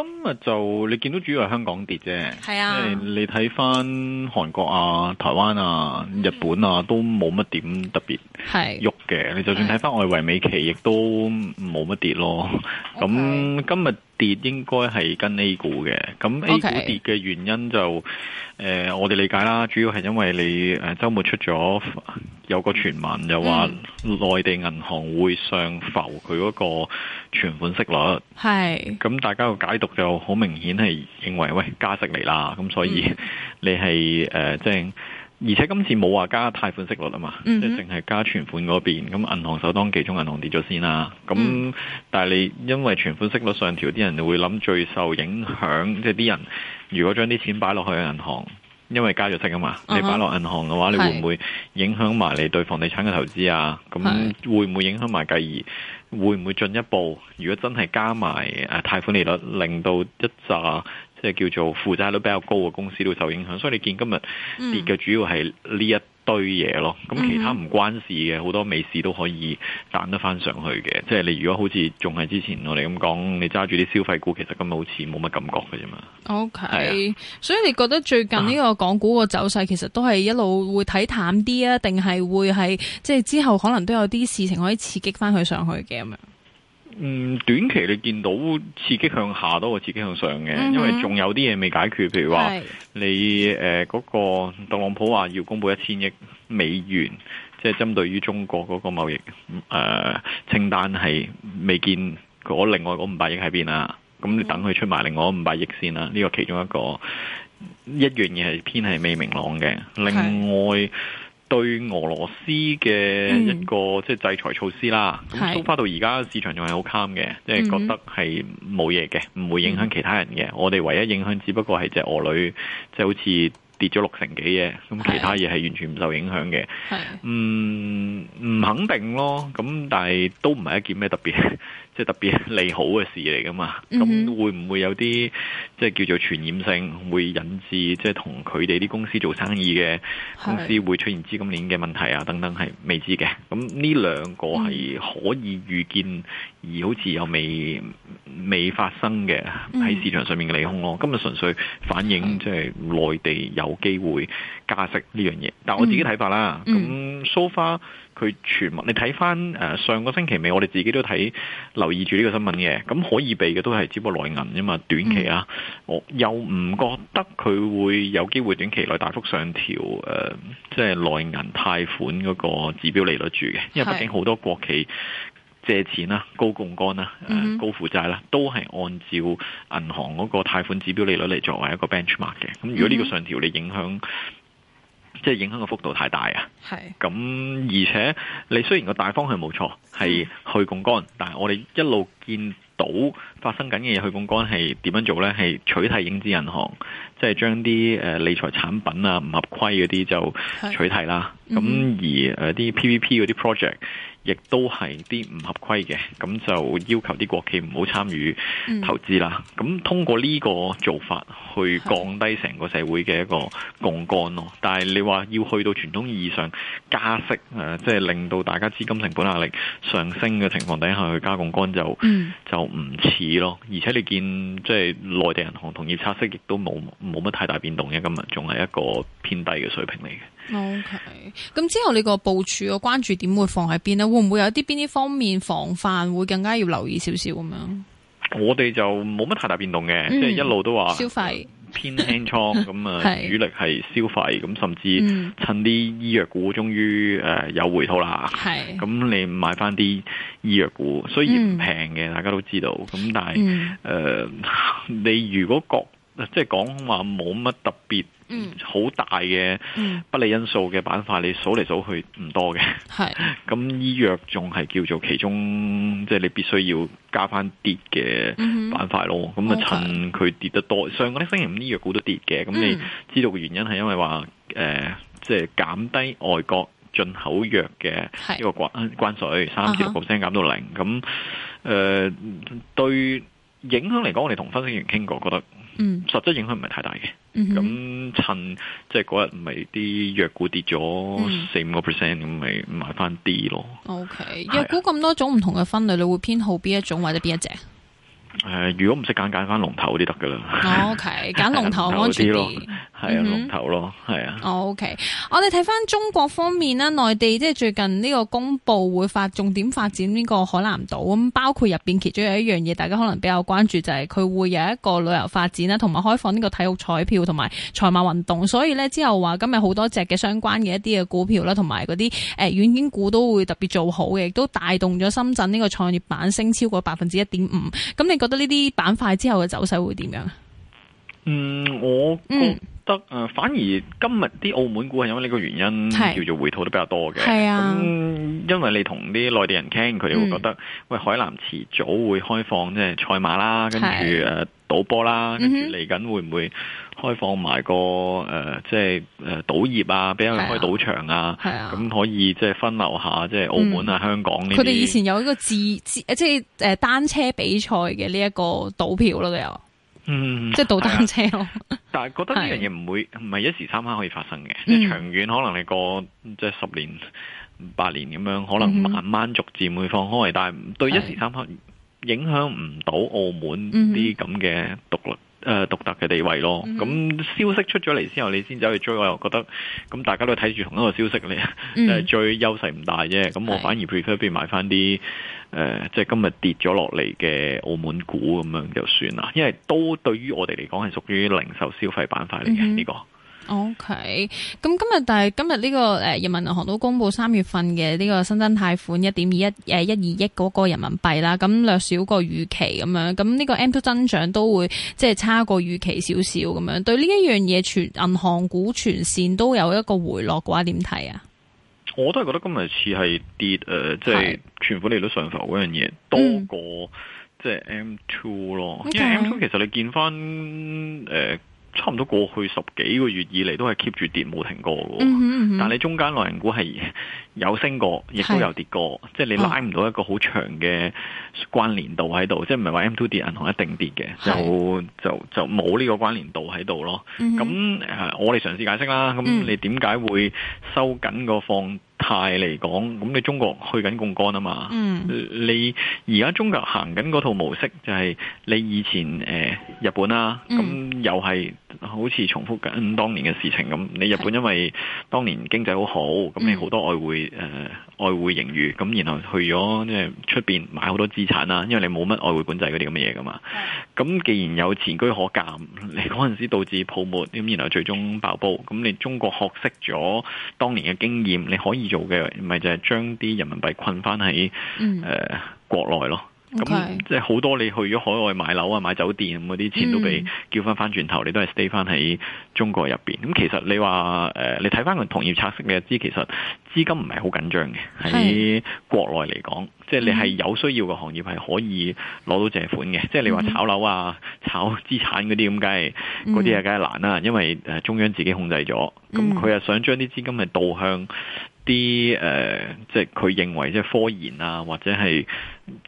今日就你見到主要係香港跌啫，係啊！你睇翻韓國啊、台灣啊、日本啊，都冇乜點特別係喐嘅。是你就算睇翻外圍，美期，亦都冇乜跌咯。咁今日。跌應該係跟 A 股嘅，咁 A 股跌嘅原因就，誒 Okay.、呃，我哋理解啦，主要係因為你誒周末出咗有個傳聞，就話內地銀行會上浮佢嗰個存款息率，係，咁大家嘅解讀就好明顯係認為，喂，加息嚟啦。咁所以、mm. 你係誒即係。呃即係而且今次冇話加貸款息率啊嘛，mm hmm. 即係淨係加存款嗰邊。咁銀行首當其衝，銀行跌咗先啦，啊。咁、mm hmm. 但係你因為存款息率上調，啲人會諗最受影響，即係啲人如果將啲錢擺落去銀行，因為加咗息啊嘛，你擺落銀行嘅話，uh huh. 你會唔會影響埋你對房地產嘅投資啊？咁、mm hmm. 會唔會影響埋繼而會唔會進一步？如果真係加埋誒貸款利率令到一扎。即係叫做負債率比較高嘅公司都受影響，所以你見今日跌嘅主要係呢一堆嘢咯。咁其他唔關事嘅好多美市都可以彈得翻上去嘅。即係你如果好似仲係之前我哋咁講，你揸住啲消費股，其實咁好似冇乜感覺嘅啫嘛。OK，係啊。所以你覺得最近呢個港股個走勢其實都係一路會睇淡啲啊？定係會係即係之後可能都有啲事情可以刺激翻佢上去嘅咁樣？嗯，短期你見到刺激向下多過刺激向上嘅，嗯、哼因為仲有啲嘢未解決，譬如話你誒嗰是、呃那個特朗普話要公布一千億美元，即、就、係、是、針對於中國嗰個貿易誒、呃、清單係未見嗰另外嗰五百億喺邊啊？咁你等佢出埋另外五百億先啦，呢是個其中一個一樣嘢係偏係未明朗嘅，另外。對俄羅斯嘅一個即係制裁措施啦，咁都翻到而家市場仲係好 calm 嘅，即係覺得係冇嘢嘅，唔會影響其他人嘅。嗯、我哋唯一影響只不過係隻俄女，即係好似，跌咗六成幾嘢，咁其他嘢係完全唔受影響嘅。的嗯，唔肯定咯。咁但係都唔係一件咩特別，即係特別利好嘅事嚟噶嘛。咁會唔會有啲即係叫做傳染性，會引致即係同佢哋啲公司做生意嘅公司會出現資金鏈嘅問題啊等等係未知嘅。咁呢兩個係可以預見，而好似又未。未發生嘅喺市場上面嘅利空咯，嗯、今日純粹反映即係內地有機會加息呢樣嘢。但我自己睇法啦，咁 so far 佢全文，你睇翻誒上個星期尾，我哋自己都睇留意住呢個新聞嘅。咁可以避嘅都係只不過內銀啫嘛，短期啊，嗯、我又唔覺得佢會有機會短期內大幅上調誒，即、呃、係、就是、內銀貸款嗰個指標利率住嘅，因為畢竟好多國企。借錢啦，高槓桿啦，誒高負債啦，都係按照銀行嗰個貸款指標利率嚟作為一個 benchmark 嘅。咁如果呢個上調你影響，即係影響嘅幅度太大啊。係。咁而且你雖然個大方向冇錯，係去槓桿，但係我哋一路見到發生緊嘅嘢去槓桿係點樣做呢？係取締影子銀行，即係將啲誒理財產品啊唔合規嗰啲就取締啦。咁而誒啲 PPP 嗰啲 project。亦都係啲唔合規嘅，咁就要求啲國企唔好參與投資啦。咁、嗯、通過呢個做法去降低成個社會嘅一個槓桿咯。的但係你話要去到傳統意義上加息，誒、嗯，即係、啊就是、令到大家資金成本壓力上升嘅情況底下，去加槓桿就、嗯、就唔似咯。而且你見即係、就是、內地銀行同業拆息亦都冇冇乜太大變動嘅今日，仲係一個偏低嘅水平嚟嘅。OK，咁之後你個部署個關注點會放喺邊咧？會唔會有啲邊啲方面防範會更加要留意少少咁樣？我哋就冇乜太大變動嘅，嗯、即係一路都話消費費、呃、偏輕倉咁啊， 主力係消費咁，是甚至趁啲醫藥股終於誒有回吐啦。係咁是，你買翻啲醫藥股，雖然唔平嘅，嗯、大家都知道。咁、嗯、但係誒、呃，你如果覺即係講話冇乜特別。嗯，好大嘅不利因素嘅板塊，嗯、你數嚟數去唔多嘅。係是，咁醫藥仲係叫做其中，即、就、係、是、你必須要加翻跌嘅板塊咯。咁啊、嗯、哼趁佢跌得多，okay, 上個星期五醫藥股都跌嘅。咁、嗯、你知道嘅原因係因為話，誒、呃，即係減低外國進口藥嘅呢個關是關稅，三至六 percent 減到零。咁誒、呃，對影響嚟講，我哋同分析員傾過，覺得。嗯，實質影響唔係太大嘅，咁、嗯、哼趁即係嗰日咪啲藥股跌咗四五個 percent，咁咪買翻啲咯。OK，藥股咁多種唔同嘅分類，你會偏好邊一種或者邊一隻？誒，如果唔識揀，揀翻龍頭嗰啲得噶啦。O K，揀龍頭安全啲咯，係啊， 龍頭咯，係啊。O K，我哋睇翻中國方面啦，內地即係最近呢個公布會發重點發展呢個海南島咁，包括入邊其中有一樣嘢，大家可能比較關注就係、是，佢會有一個旅遊發展啦，同埋開放呢個體育彩票同埋賽馬運動，所以呢，之後話今日好多隻嘅相關嘅一啲嘅股票啦，同埋嗰啲誒軟件股都會特別做好嘅，亦都帶動咗深圳呢個創業板升超過百分之一點五。咁你覺得呢啲板塊之後嘅走勢會點樣啊？嗯，我覺得誒、呃，反而今日啲澳門股係因為呢個原因係叫做回吐得比較多嘅。係啊、嗯，因為你同啲內地人傾，佢哋會覺得、嗯、喂，海南遲早會開放即係賽馬啦，跟住誒賭波啦，跟住嚟緊會唔會？開放埋個誒、呃，即係誒賭業啊，俾人開賭場啊，咁、啊、可以即係分流下，即係澳門啊、嗯、香港呢？佢哋以前有一個自自即係誒單車比賽嘅呢一個賭票咯、啊，都有，嗯，即係賭單車咯、啊。但係覺得呢樣嘢唔會唔係一時三刻可以發生嘅、啊，即係長遠可能你過即係十年八年咁樣，可能慢慢逐漸會放開。嗯、但係對一時三刻影響唔到澳門啲咁嘅獨立，嗯嗯誒、呃、獨特嘅地位咯，咁、嗯、哼消息出咗嚟之後，你先走去追，我又覺得咁大家都睇住同一個消息嚟，誒、 呃嗯、追優勢唔大啫。咁我反而 prefer 俾買翻啲誒，即係今日跌咗落嚟嘅澳門股咁樣就算啦，因為都對於我哋嚟講係屬於零售消費板塊嚟嘅呢個。嗯 O K，咁今日但係今日呢個誒、呃，人民銀行都公布三月份嘅呢個新增貸款一點二一誒一二億嗰個人民幣啦，咁略少過預期咁樣，咁呢個 M two 增長都會即係差過預期少少咁樣，對呢一樣嘢全銀行股全線都有一個回落嘅話，點睇啊我都係覺得今日似係跌誒，即係存款利率上浮嗰樣嘢多過、嗯、即係 M two 咯，Okay. 因為 M two 其實你見翻誒。呃差唔多過去十幾個月以嚟都係 keep 住跌冇停過嘅，嗯哼嗯哼，但係你中間內銀股係有升過，亦都有跌過，是即係你拉唔到一個好長嘅關連度喺度，哦、即係唔係話 M2 跌銀行一定跌嘅是，就就就冇呢個關連度喺度咯。咁、嗯、哼我哋嘗試解釋啦，咁你點解會收緊個放？泰嚟講，咁你中國去緊槓桿啊嘛，mm. 你而家中國行緊嗰套模式，就係你以前誒、呃、日本啦、啊，咁又係好似重複緊當年嘅事情咁。你日本因為當年經濟好好，咁你好多外匯誒、呃、外匯盈餘，咁然後去咗即係出邊買好多資產啦，因為你冇乜外匯管制嗰啲咁嘅嘢㗎嘛。Right. 咁既然有前居可鑒，你嗰陣時導致泡沫，咁然後最終爆煲，咁你中國學識咗當年嘅經驗，你可以做嘅咪就係將啲人民幣困翻喺誒國內咯。咁即係好多你去咗海外買樓啊、買酒店咁，嗰啲錢都俾叫翻翻轉頭，嗯、你都係 stay 翻喺中國入邊。咁其實你話誒、呃，你睇翻個同業拆息，你知其實資金唔係好緊張嘅。喺是國內嚟講，即係你係有需要嘅行業係可以攞到借款嘅。嗯、即係你話炒樓啊、炒資產嗰啲咁，梗係嗰啲嘢梗係難啦、啊，因為誒中央自己控制咗，咁佢、嗯、又想將啲資金係導向。啲誒、呃、即係佢認為即係科研啊，或者係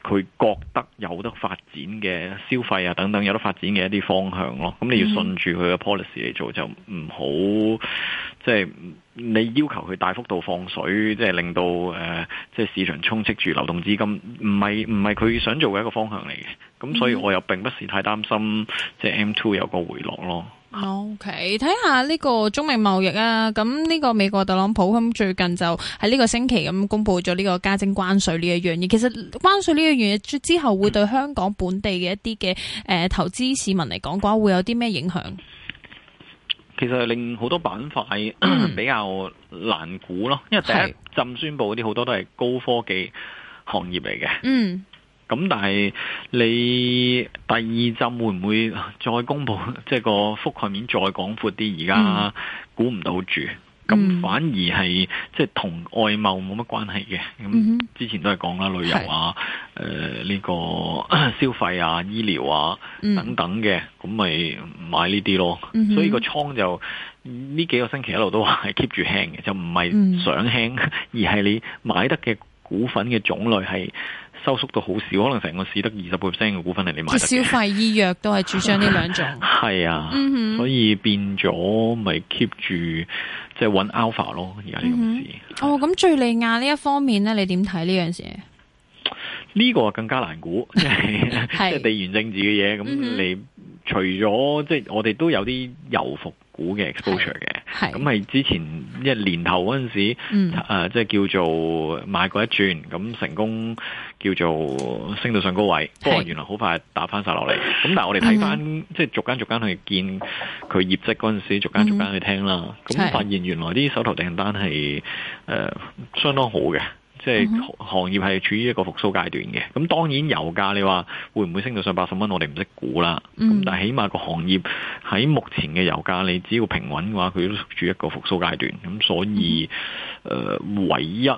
佢覺得有得發展嘅消費啊等等有得發展嘅一啲方向咯。咁你要順住佢嘅 policy 嚟做就，就唔好即係你要求佢大幅度放水，即係令到誒、呃、即係市場充斥住流動資金，唔係唔係佢想做嘅一個方向嚟嘅。咁所以我又並不是太擔心即係 M2 有個回落咯。O K，睇下呢個中美貿易啊，咁呢個美國特朗普咁最近就喺呢個星期咁公布咗呢個加徵關稅呢一樣嘢。其實關稅呢樣嘢之後會對香港本地嘅一啲嘅誒投資市民嚟講嘅話，會有啲咩影響？其實令好多板塊 比較難估咯，因為第一陣宣布嗰啲好多都係高科技行業嚟嘅。嗯。咁但係你第二浸會唔會再公布？即、就、係、是、個覆蓋面再廣闊啲？而家估唔到住，咁、嗯、反而係即係同外貿冇乜關係嘅。咁、嗯、哼之前都係講啦，旅遊啊，誒呢是、呃這個消費啊，醫療啊等等嘅，咁咪、嗯、買呢啲咯。嗯、哼所以個倉就呢幾個星期一路都話係 keep 住輕嘅，就唔係想輕，嗯、而係你買得嘅股份嘅種類係。收縮到好少，可能成個市得二十 percent 嘅股份係你買。即係消費醫藥都係主將呢兩種。係啊，所以變咗咪 keep 住即係揾 alpha 咯而家呢公司。哦，咁敘利亞呢一方面咧，你點睇呢樣事？呢個更加難估，即係即係地緣政治嘅嘢。咁你除咗即係我哋都有啲油服股嘅 exposure 嘅，咁係之前一年頭嗰陣時，誒即係叫做買過一轉，咁成功。叫做升到上高位，不過原來好快打翻晒落嚟。咁但係我哋睇翻，mm hmm. 即係逐間逐間去見佢業績嗰陣時，逐間逐間去聽啦。咁、mm hmm. 發現原來啲手頭訂單係誒、呃、相當好嘅。即係、嗯、行業係處於一個復甦階段嘅，咁當然油價你話會唔會升到上八十蚊，我哋唔識估啦。嗯、但係起碼個行業喺目前嘅油價，你只要平穩嘅話，佢都處於一個復甦階段。咁所以，嗯呃、唯一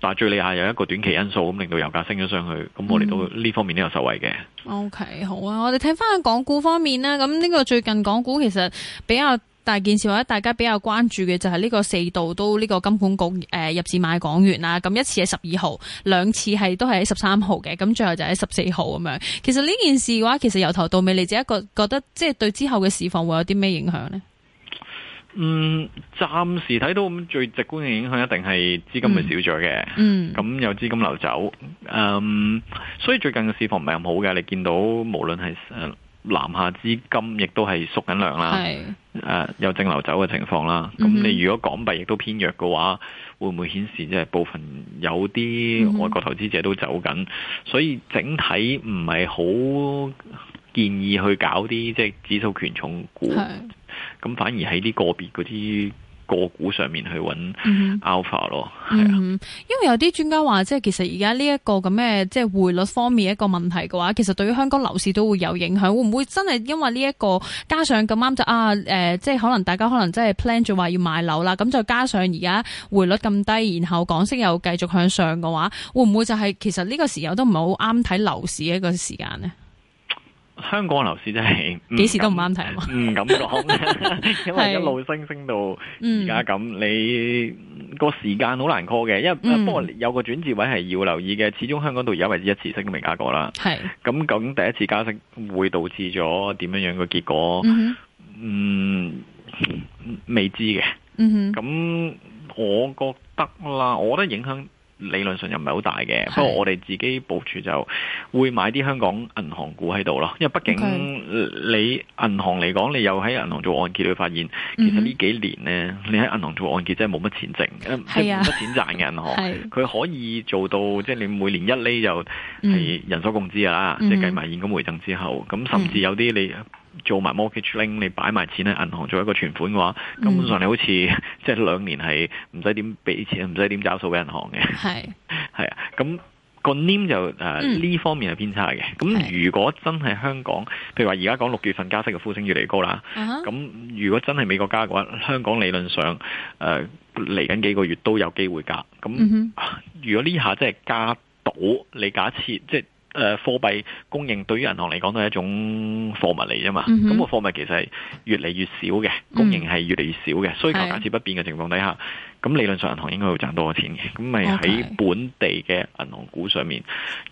但係敘利亞有一個短期因素咁令到油價升咗上去，咁我哋都呢、嗯、方面都有受惠嘅。O、okay, K，好啊，我哋睇翻港股方面啦，咁呢個最近港股其實比較。但件事或者大家比較關注嘅就係呢個四度都呢個金管局誒、呃、入市買港元啦，咁一次喺十二號，兩次係都係喺十三號嘅，咁最後就喺十四號咁樣。其實呢件事嘅話，其實由頭到尾你自己覺得，即係對之後嘅市況會有啲咩影響呢？嗯，暫時睇到咁最直觀嘅影響一定係資金咪少咗嘅，嗯，咁有資金流走，嗯，所以最近嘅市況唔係咁好嘅，你見到無論係南下資金亦都係縮緊量啦，誒有的、呃、淨流走嘅情況啦。咁你如果港幣亦都偏弱嘅話，嗯、哼會唔會顯示即係部分有啲外國投資者都走緊？所以整體唔係好建議去搞啲即係指數權重股，咁的反而喺啲個別嗰啲個股上面去揾 alpha 咯、mm，係、hmm。啊，因為有啲專家話，即係其實而家呢一個咁嘅即係匯率方面一個問題嘅話，其實對於香港樓市都會有影響。會唔會真係因為呢、這、一個加上咁啱就啊？誒、呃，即係可能大家可能真係 plan 住話要買樓啦，咁再加上而家匯率咁低，然後港息又繼續向上嘅話，會唔會就係、是、其實呢個時候都唔係好啱睇樓市嘅一個時間呢？香港樓市真係幾時都唔啱睇，唔 敢講， 因為一路升升到而家咁，嗯、你個時間好難 call 嘅，因為、嗯、不過有個轉折位係要留意嘅，始終香港到而家為止一次升，都未加過啦，係，咁究竟第一次加息會導致咗點樣樣嘅結果，嗯，哼嗯，未知嘅，嗯咁哼我覺得啦，我覺得影響。理論上又唔係好大嘅，不過我哋自己部署就會買啲香港銀行股喺度咯。因為畢竟你銀行嚟講，你又喺銀行做按揭，你會發現其實呢幾年呢，你喺銀行做按揭真係冇乜錢剩，是啊、即係冇乜錢賺嘅銀行。佢是、啊、可以做到，即、就、係、是、你每年一厘就係人所共知㗎喇，嗯、即係計埋現金回贈之後，咁甚至有啲你。做埋 mortgage link，你擺埋錢喺銀行做一個存款嘅話，根本上你好似即係兩年係唔使點俾錢，唔使點找數俾銀行嘅。係係是 啊，咁、那個 name 就誒呢、呃嗯、方面係偏差嘅。咁如果真係香港，譬如話而家講六月份加息嘅呼聲越嚟越高啦，咁、uh huh. 如果真係美國加嘅話，香港理論上誒嚟緊幾個月都有機會加。咁如果呢下真係加到，你假設即係。誒、呃、貨幣供應對於銀行嚟講都係一種貨物嚟啫嘛，咁個、mm hmm. 貨物其實係越嚟越少嘅，供應係越嚟越少嘅，mm hmm. 需求假設不變嘅情況底下，咁 Yeah. 理論上銀行應該會賺多個錢嘅，咁咪喺本地嘅銀行股上面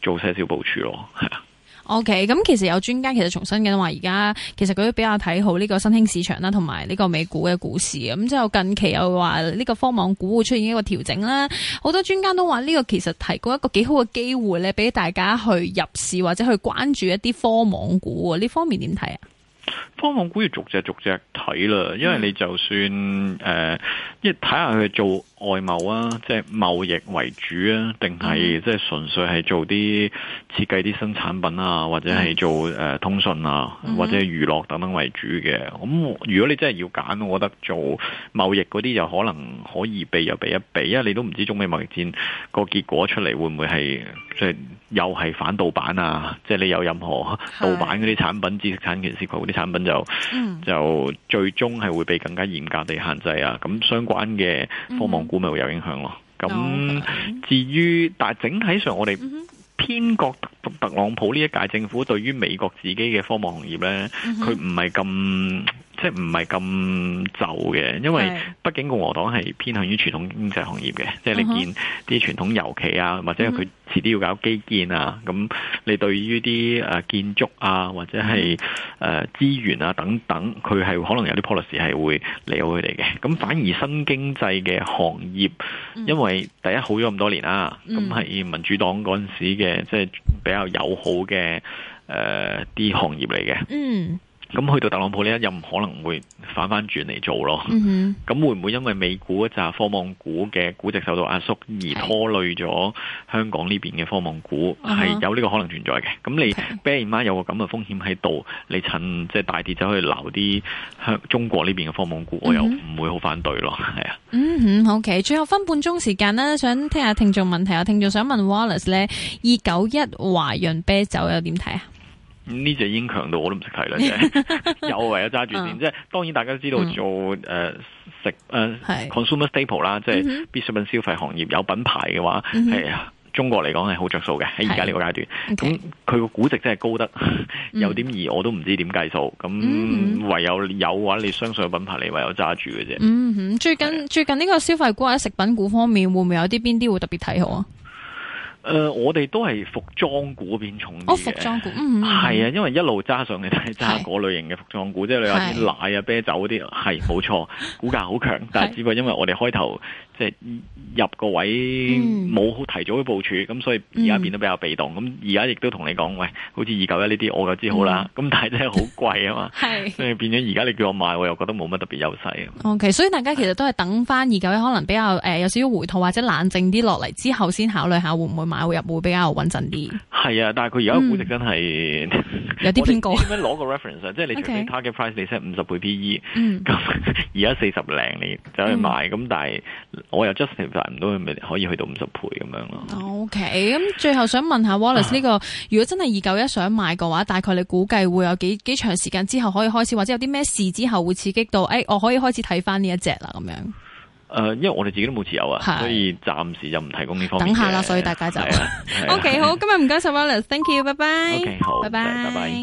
做些少部署咯，係啊。OK，咁其實有專家其實重新嘅話，而家其實佢都比較睇好呢個新興市場啦，同埋呢個美股嘅股市，咁之後近期又話呢個科網股會出現一個調整啦，好多專家都話呢個其實提供一個幾好嘅機會咧，俾大家去入市或者去關注一啲科網股，呢方面點睇啊？方望估要逐隻逐隻睇啦，因為你就算誒、呃，即睇下佢做外貿啊，即係貿易為主啊，定係即係純粹係做啲設計啲新產品啊，或者係做誒通訊啊，或者娛樂等等為主嘅。咁如果你真係要揀，我覺得做貿易嗰啲又可能可以避又避一避，因為你都唔知中美貿易戰個結果出嚟會唔會係。即係又係反盜版啊。即係你有任何盜版嗰啲產品，的知識產權涉及嗰啲產品就、嗯、就最終係會被更加嚴格地限制啊。咁相關嘅科網股咪會有影響咯。咁、嗯、至於但係整體上，我哋偏覺特朗普呢一屆政府對於美國自己嘅科網行業呢，佢唔係咁。即係唔係咁就嘅，因為畢竟共和黨係偏向於傳統經濟行業嘅，即係你見啲傳統油企啊，或者佢遲啲要搞基建啊，咁你對於啲誒建築啊，或者係誒資源啊等等，佢係可能有啲 policy 係會嚟到佢哋嘅。咁反而新經濟嘅行業，因為第一好咗咁多年啦，咁係民主黨嗰陣時嘅，即係比較友好嘅誒啲行業嚟嘅。嗯。咁去到特朗普呢一任，可能會反翻轉嚟做咯。咁、嗯、哼會唔會因為美股一紮科網股嘅估值受到壓縮而拖累咗香港呢邊嘅科網股，係是有呢個可能存在嘅。咁、嗯、哼你啤二 Okay. 媽，媽有個咁嘅風險喺度，你趁即係大跌走去留啲香中國呢邊嘅科網股，嗯、哼我又唔會好反對咯。係啊。嗯嗯，好嘅。最後分半鐘時，時間啦，想聽下聽眾問題。有聽眾想問 Wallace 咧，二九一華潤啤酒又點睇啊？呢隻已經強到我都唔識睇啦，真有唯有揸住先。即係當然大家都知道做誒食誒 consumer staple 啦，即係必需品消費行業有品牌嘅話，係中國嚟講係好着數嘅。喺而家呢個階段，咁佢個估值真係高得有點二，我都唔知點計數。咁唯有有嘅話，你相信有品牌，你唯有揸住嘅啫。嗯，最近最近呢個消費股或者食品股方面，會唔會有啲邊啲會特別睇好啊？誒、呃，我哋都係服裝股變重啲、哦、服裝股，嗯，嗯，嗯，係啊，因為一路揸上去都係揸嗰類型嘅服裝股，是即係你話啲奶啊、啤酒嗰啲，係冇是錯， 股價好強，但係只不過因為我哋開頭。即係入個位冇提早去部署，咁、嗯、所以而家變得比較被動。咁而家亦都同你講，喂，好似二九一呢啲我就知好啦。咁、嗯、但係真係好貴啊嘛， 是所以變咗而家你叫我買，我又覺得冇乜特別優勢。OK，所以大家其實都係等翻二九一，可能比較誒、呃、有少少回吐或者冷靜啲落嚟之後，先考慮下會唔會買會入會比較穩陣啲。係啊，但係佢而家估值真係。嗯有啲偏高。攞個 reference 啊，即係你其他嘅 price，你 set 五十倍 PE Okay. 嗯。咁而家四十零你走去買，咁但係我又 justify 唔到，咪可以去到五十倍咁樣咯。OK，咁最後想問下 Wallace 呢、 呢個，如果真係二九一想買嘅話，大概你估計會有幾幾長時間之後可以開始，或者有啲咩事之後會刺激到，誒、欸、我可以開始睇翻呢一隻啦咁樣。誒，因為我哋自己都冇持有啊，所以暫時就唔提供呢方面。等下啦，所以大家就 OK 好，今日唔該晒 Wallace，Thank you，拜拜。OK，好，拜拜。